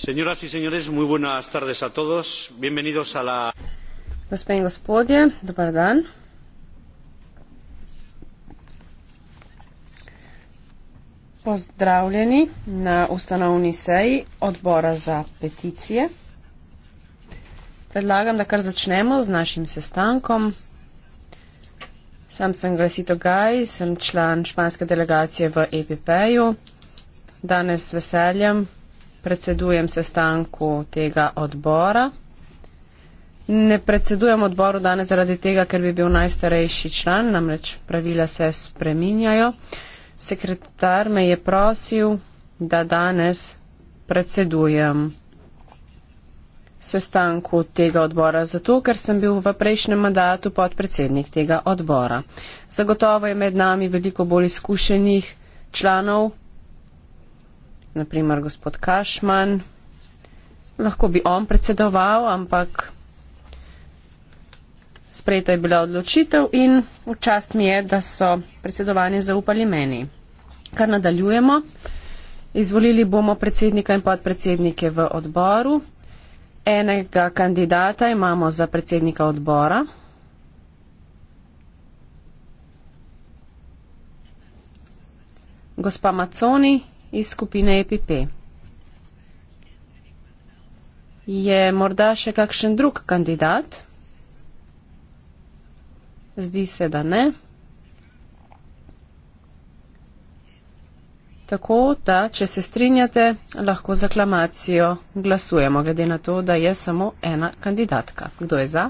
señoras y señores muy buenas tardes a todos bienvenidos a la Pozdravljeni na ustanovni seji odbora za peticije. Predlagam, da kar začnemo z našim sestankom. Sam sem Glesito Gaj, sem član španske delegacije v EPP-ju. Danes veseljem predsedujem sestanku tega odbora. Ne predsedujem odboru danes zaradi tega, ker bi bil najstarejši član, namreč pravila se spreminjajo. Sekretar me je prosil, da danes predsedujem sestanku tega odbora, zato ker sem bil v prejšnjem mandatu podpredsednik tega odbora. Zagotovo je med nami veliko bolj izkušenih članov naprimer gospod Kašman, lahko bi on predsedoval, ampak sprejeta je bila odločitev in v čast mi je, da so predsedovanje zaupali meni. Kar nadaljujemo, izvolili bomo predsednika in podpredsednike v odboru. Enega kandidata imamo za predsednika odbora. Gospa Maconi, iz skupine EPP. Je morda še kakšen drug kandidat? Zdi se, da ne. Tako da, če se strinjate, lahko z aklamacijo glasujemo, glede na to, da je samo ena kandidatka. Kdo je za?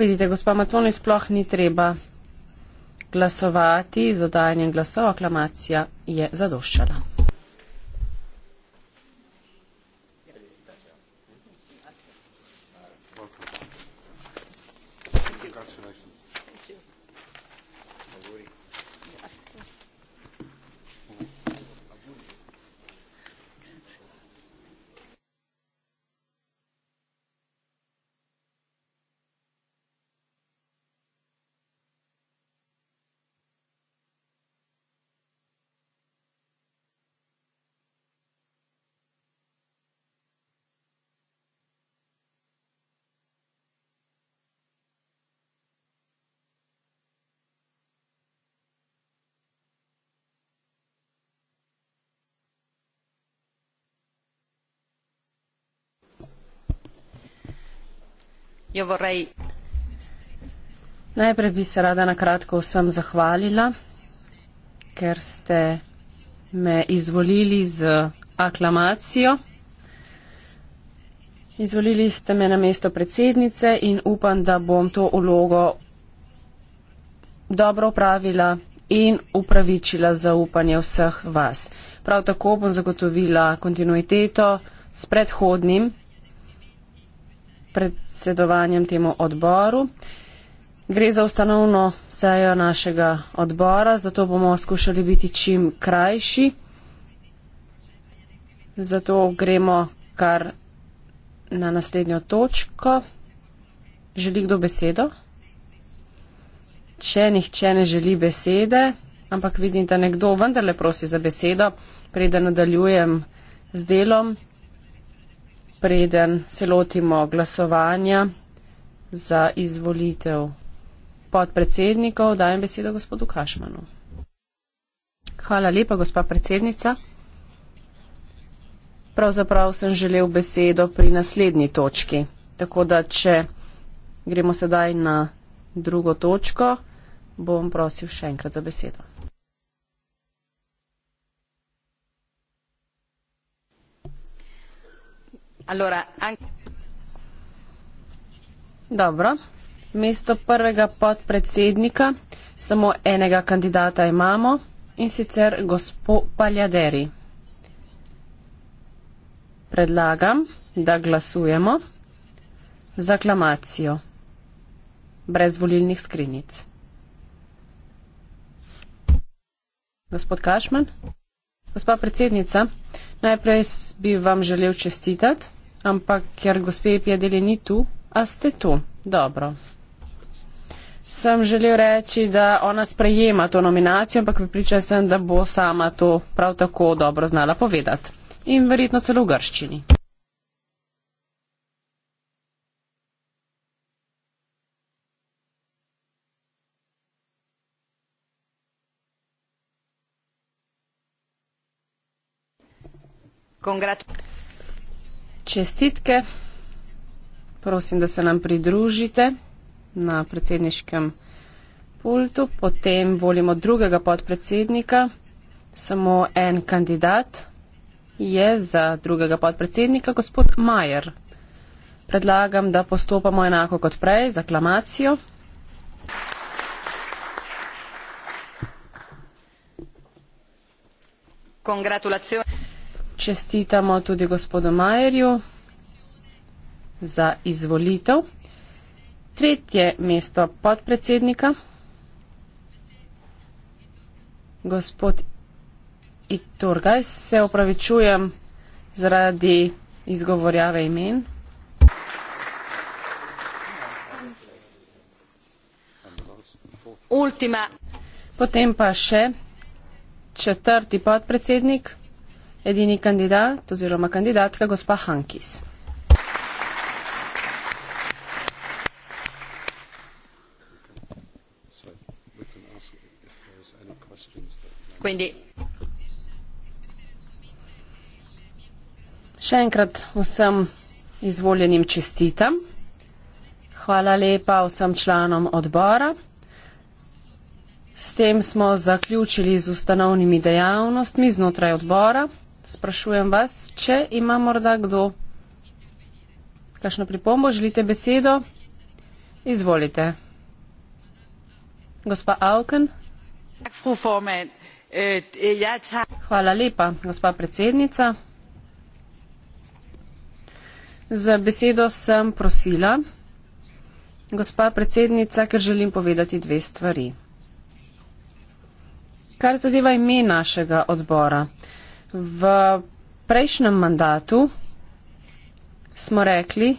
Vidite, gospa Maconi, sploh ni treba glasovati z oddajanjem glasov, aklamacija je zadoščala. Jo vorrei. Najprej bi se rada na kratko vsem zahvalila, ker ste me izvolili z aklamacijo. Izvolili ste me na mesto predsednice in upam, da bom to ulogo dobro upravila in upravičila zaupanje vseh vas. Prav tako bom zagotovila kontinuiteto s predhodnim predsedovanjem temu odboru. Gre za ustanovno sejo našega odbora, zato bomo skušali biti čim krajši. Zato gremo kar na naslednjo točko. Želi kdo besedo? Če nihče ne želi besede, ampak vidim, da nekdo vendarle prosi za besedo, preden nadaljujem z delom preden se lotimo glasovanja za izvolitev podpredsednikov, dajem besedo gospodu Kašmanu. Hvala lepa, gospa predsednica. Pravzaprav sem želel besedo pri naslednji točki. Tako da, če gremo sedaj na drugo točko, bom prosil še enkrat za besedo. Allora, anche... Dobro, mesto prvega podpredsednika, samo enega kandidata imamo in sicer gospod Paljaderi. Predlagam, da glasujemo za aklamacijo brez volilnih skrinic. Gospod Kašman, gospa predsednica, najprej bi vam želel čestitati. Ampak ker gospe Pjedeli ni tu, a ste tu? Dobro. Sem želel reči, da ona sprejema to nominacijo, ampak pripriča sem, da bo sama to prav tako dobro znala povedati. In verjetno celo v grščini. Congratulations čestitke. Prosim, da se nam pridružite na predsedniškem pultu. Potem volimo drugega podpredsednika. Samo en kandidat je za drugega podpredsednika, gospod Majer. Predlagam, da postopamo enako kot prej, z aklamacijo. Congratulazioni čestitamo tudi gospodu Majerju za izvolitev. Tretje mesto podpredsednika, gospod Iturgaj, se opravičujem zaradi izgovorjave imen. Ultima. Potem pa še četrti podpredsednik edini kandidat oziroma kandidatka gospa Hankis. Quindi. Še enkrat vsem izvoljenim čestitam. Hvala lepa vsem članom odbora. S tem smo zaključili z ustanovnimi dejavnostmi znotraj odbora sprašujem vas, če ima morda kdo kakšno pripombo, želite besedo, izvolite. Gospa Auken. Øh, øh, Hvala lepa, gospa predsednica. Za besedo sem prosila, gospa predsednica, ker želim povedati dve stvari. Kar zadeva ime našega odbora, V prejšnjem mandatu smo rekli,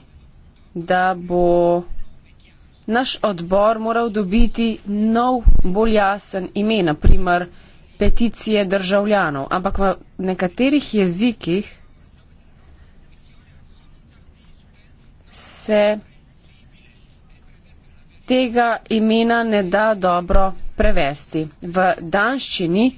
da bo naš odbor moral dobiti nov, bolj jasen ime, naprimer peticije državljanov, ampak v nekaterih jezikih se tega imena ne da dobro prevesti. V danščini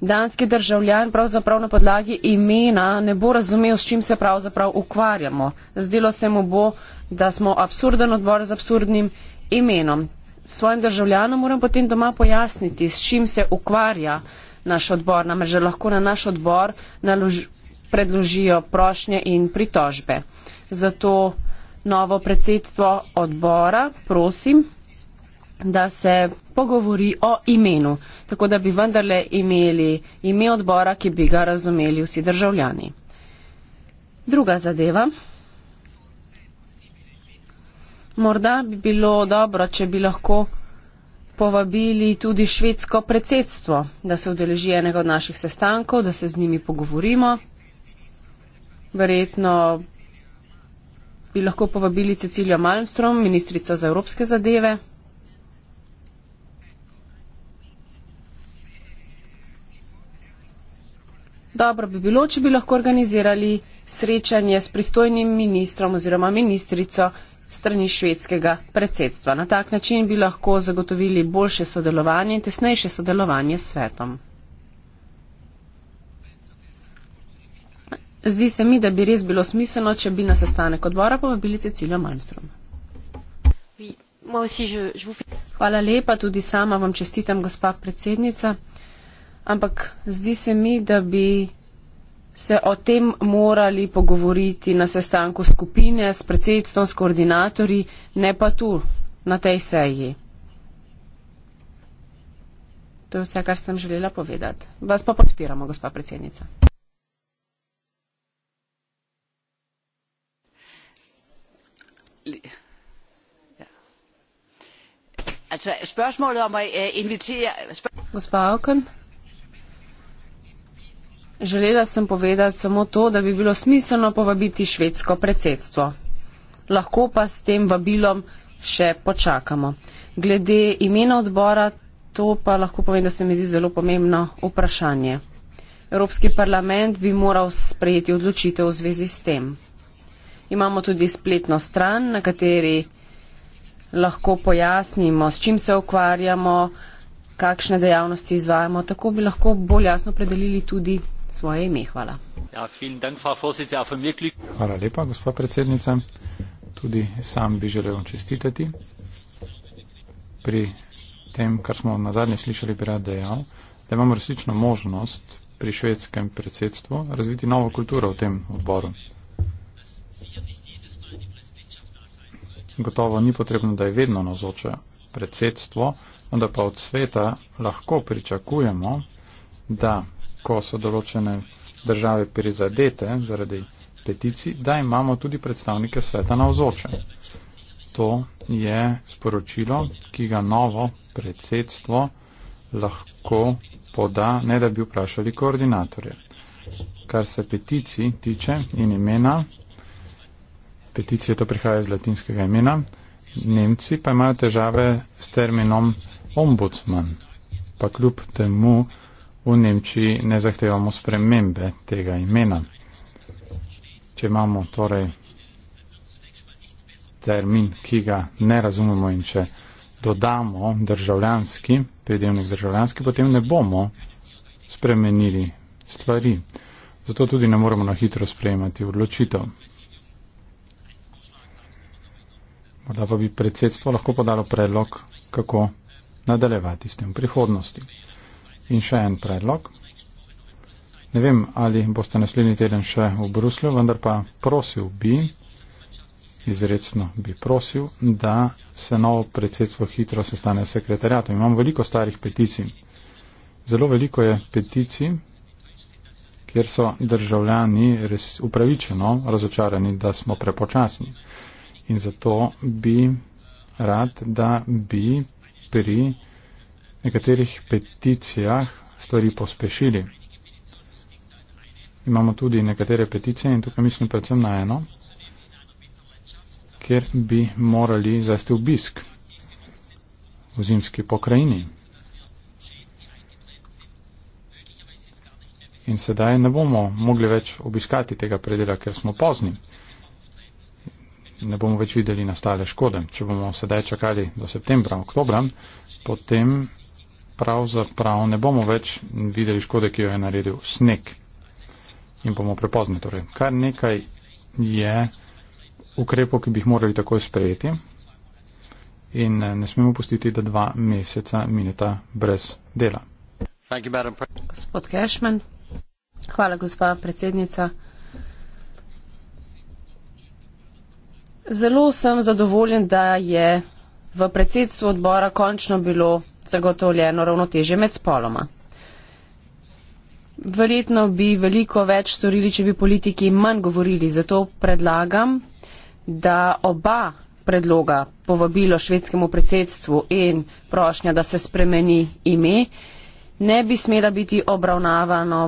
Danski državljan pravzaprav na podlagi imena ne bo razumel, s čim se pravzaprav ukvarjamo. Zdelo se mu bo, da smo absurden odbor z absurdnim imenom. Svojim državljanom moram potem doma pojasniti, s čim se ukvarja naš odbor, namreč že lahko na naš odbor nalož, predložijo prošnje in pritožbe. Zato novo predsedstvo odbora prosim, da se pogovori o imenu, tako da bi vendarle imeli ime odbora, ki bi ga razumeli vsi državljani. Druga zadeva. Morda bi bilo dobro, če bi lahko povabili tudi švedsko predsedstvo, da se vdeleži enega od naših sestankov, da se z njimi pogovorimo. Verjetno bi lahko povabili Cecilijo Malmstrom, ministrico za evropske zadeve. dobro bi bilo, če bi lahko organizirali srečanje s pristojnim ministrom oziroma ministrico strani švedskega predsedstva. Na tak način bi lahko zagotovili boljše sodelovanje in tesnejše sodelovanje s svetom. Zdi se mi, da bi res bilo smiselno, če bi na sestanek odbora povabili Cecilijo Malmstrom. Hvala lepa, tudi sama vam čestitam, gospa predsednica ampak zdi se mi, da bi se o tem morali pogovoriti na sestanku skupine s predsedstvom, s koordinatorji, ne pa tu, na tej seji. To je vse, kar sem želela povedati. Vas pa podpiramo, gospa predsednica. Øh, gospa Okon. Želela sem povedati samo to, da bi bilo smiselno povabiti švedsko predsedstvo. Lahko pa s tem vabilom še počakamo. Glede imena odbora, to pa lahko povem, da se mi zdi zelo pomembno vprašanje. Evropski parlament bi moral sprejeti odločitev v zvezi s tem. Imamo tudi spletno stran, na kateri lahko pojasnimo, s čim se ukvarjamo, kakšne dejavnosti izvajamo. Tako bi lahko bolj jasno predelili tudi svoje ime. Hvala. Ja, hvala lepa, gospod predsednica. Tudi sam bi želel čestitati. Pri tem, kar smo na zadnje slišali, bi rad dejal, da imamo resnično možnost pri švedskem predsedstvu razviti novo kulturo v tem odboru. Gotovo ni potrebno, da je vedno nazoče predsedstvo, vendar pa od sveta lahko pričakujemo, da ko so določene države prizadete zaradi peticij, da imamo tudi predstavnike sveta na vzoče. To je sporočilo, ki ga novo predsedstvo lahko poda, ne da bi vprašali koordinatorje. Kar se peticij tiče in imena, peticije to prihaja iz latinskega imena, Nemci pa imajo težave s terminom ombudsman. Pa kljub temu, v Nemčiji ne zahtevamo spremembe tega imena. Če imamo torej termin, ki ga ne razumemo in če dodamo državljanski, predjevnik državljanski, potem ne bomo spremenili stvari. Zato tudi ne moremo na hitro sprejemati odločitev. Morda pa bi predsedstvo lahko podalo predlog, kako nadaljevati s tem v prihodnosti. In še en predlog. Ne vem, ali boste naslednji teden še v Bruslju, vendar pa prosil bi, izredno bi prosil, da se novo predsedstvo hitro sestane s sekretarjatom. Imam veliko starih peticij. Zelo veliko je peticij, kjer so državljani res upravičeno razočarani, da smo prepočasni. In zato bi rad, da bi pri nekaterih peticijah stvari pospešili. Imamo tudi nekatere peticije in tukaj mislim predvsem na eno, kjer bi morali zvesti obisk v zimski pokrajini. In sedaj ne bomo mogli več obiskati tega predela, ker smo pozni. Ne bomo več videli nastale škode. Če bomo sedaj čakali do septembra, oktobra, potem pravzaprav ne bomo več videli škode, ki jo je naredil sneg. In bomo prepozni. Torej, kar nekaj je ukrepov, ki bi jih morali takoj sprejeti. In eh, ne smemo pustiti, da dva meseca mineta brez dela. Gospod Cashman. Hvala, gospa predsednica. Zelo sem zadovoljen, da je v predsedstvu odbora končno bilo zagotovljeno ravnotežje med spoloma. Verjetno bi veliko več storili, če bi politiki manj govorili, zato predlagam, da oba predloga, povabilo švedskemu predsedstvu in prošnja, da se spremeni ime, ne bi smela biti obravnavano,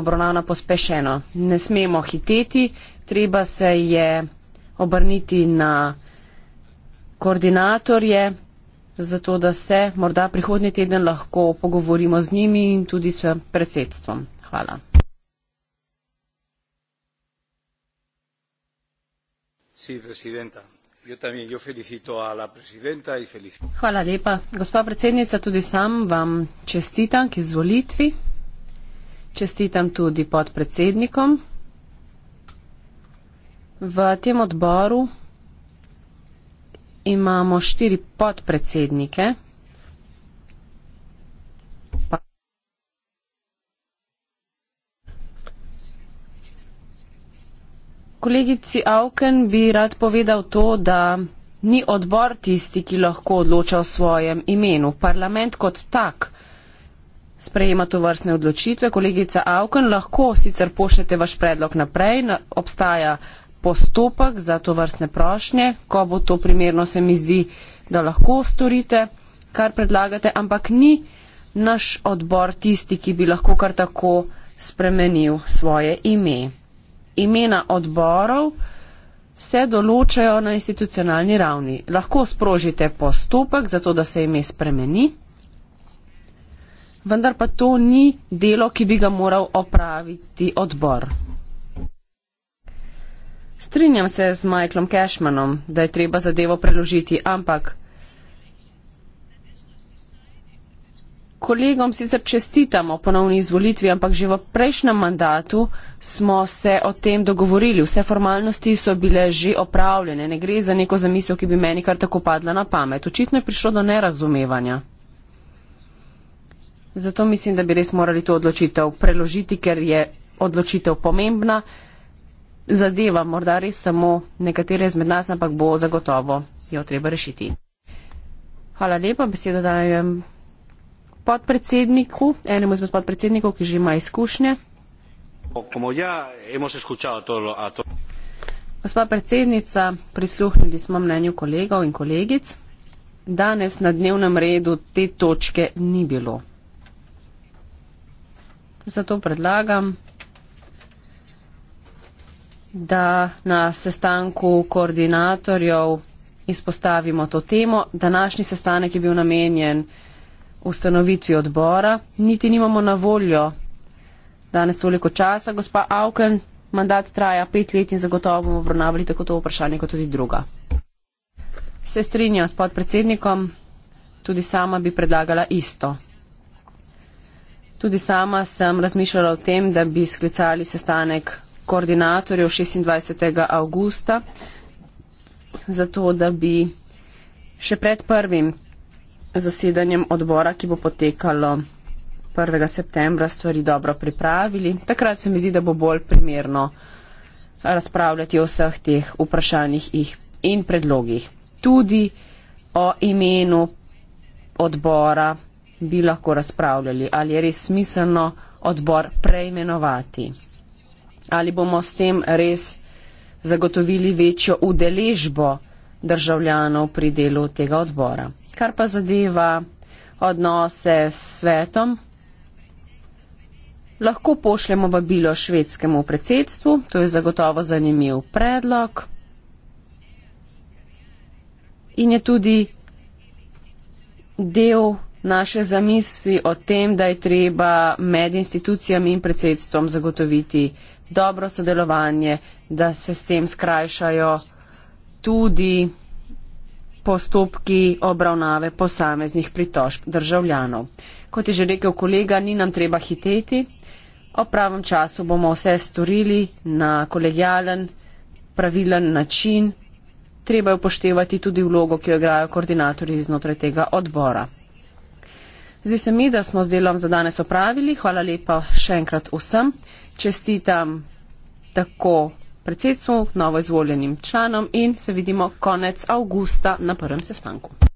obravnavano pospešeno. Ne smemo hiteti, treba se je obrniti na koordinatorje zato da se morda prihodnji teden lahko pogovorimo z njimi in tudi s predsedstvom. Hvala. Hvala lepa. Gospa predsednica, tudi sam vam čestitam k izvolitvi. Čestitam tudi podpredsednikom. V tem odboru imamo štiri podpredsednike. Kolegici Auken bi rad povedal to, da ni odbor tisti, ki lahko odloča o svojem imenu. Parlament kot tak sprejema to vrstne odločitve. Kolegica Auken, lahko sicer pošljete vaš predlog naprej. Na, obstaja postopek za to vrstne prošnje, ko bo to primerno, se mi zdi, da lahko storite, kar predlagate, ampak ni naš odbor tisti, ki bi lahko kar tako spremenil svoje ime. Imena odborov se določajo na institucionalni ravni. Lahko sprožite postopek za to, da se ime spremeni, vendar pa to ni delo, ki bi ga moral opraviti odbor. Strinjam se z Michaelom Cashmanom, da je treba zadevo preložiti, ampak kolegom sicer čestitamo ponovni izvolitvi, ampak že v prejšnjem mandatu smo se o tem dogovorili. Vse formalnosti so bile že opravljene. Ne gre za neko zamisel, ki bi meni kar tako padla na pamet. Očitno je prišlo do nerazumevanja. Zato mislim, da bi res morali to odločitev preložiti, ker je odločitev pomembna zadeva morda res samo nekatere izmed nas, ampak bo zagotovo jo treba rešiti. Hvala lepa, besedo dajem podpredsedniku, enemu izmed podpredsednikov, ki že ima izkušnje. Gospa predsednica, prisluhnili smo mnenju kolegov in kolegic. Danes na dnevnem redu te točke ni bilo. Zato predlagam, da na sestanku koordinatorjev izpostavimo to temo. Današnji sestanek je bil namenjen ustanovitvi odbora. Niti nimamo na voljo danes toliko časa, gospa Auken. Mandat traja pet let in zagotovo bomo obravnavali tako to vprašanje kot tudi druga. Se strinjam s podpredsednikom, tudi sama bi predlagala isto. Tudi sama sem razmišljala o tem, da bi sklicali sestanek koordinatorjev 26. avgusta, zato da bi še pred prvim zasedanjem odbora, ki bo potekalo 1. septembra, stvari dobro pripravili. Takrat se mi zdi, da bo bolj primerno razpravljati o vseh teh vprašanjih in predlogih. Tudi o imenu odbora bi lahko razpravljali, ali je res smiselno odbor preimenovati ali bomo s tem res zagotovili večjo udeležbo državljanov pri delu tega odbora. Kar pa zadeva odnose s svetom, lahko pošljemo vabilo švedskemu predsedstvu, to je zagotovo zanimiv predlog. In je tudi del naše zamisli o tem, da je treba med institucijami in predsedstvom zagotoviti dobro sodelovanje, da se s tem skrajšajo tudi postopki obravnave posameznih pritožb državljanov. Kot je že rekel kolega, ni nam treba hiteti. O pravem času bomo vse storili na kolegijalen, pravilen način. Treba je upoštevati tudi vlogo, ki jo igrajo koordinatorji iznotraj tega odbora. Zdi se mi, da smo z delom za danes opravili. Hvala lepa še enkrat vsem čestitam tako predsedstvu, novo izvoljenim članom in se vidimo konec avgusta na prvem sestanku.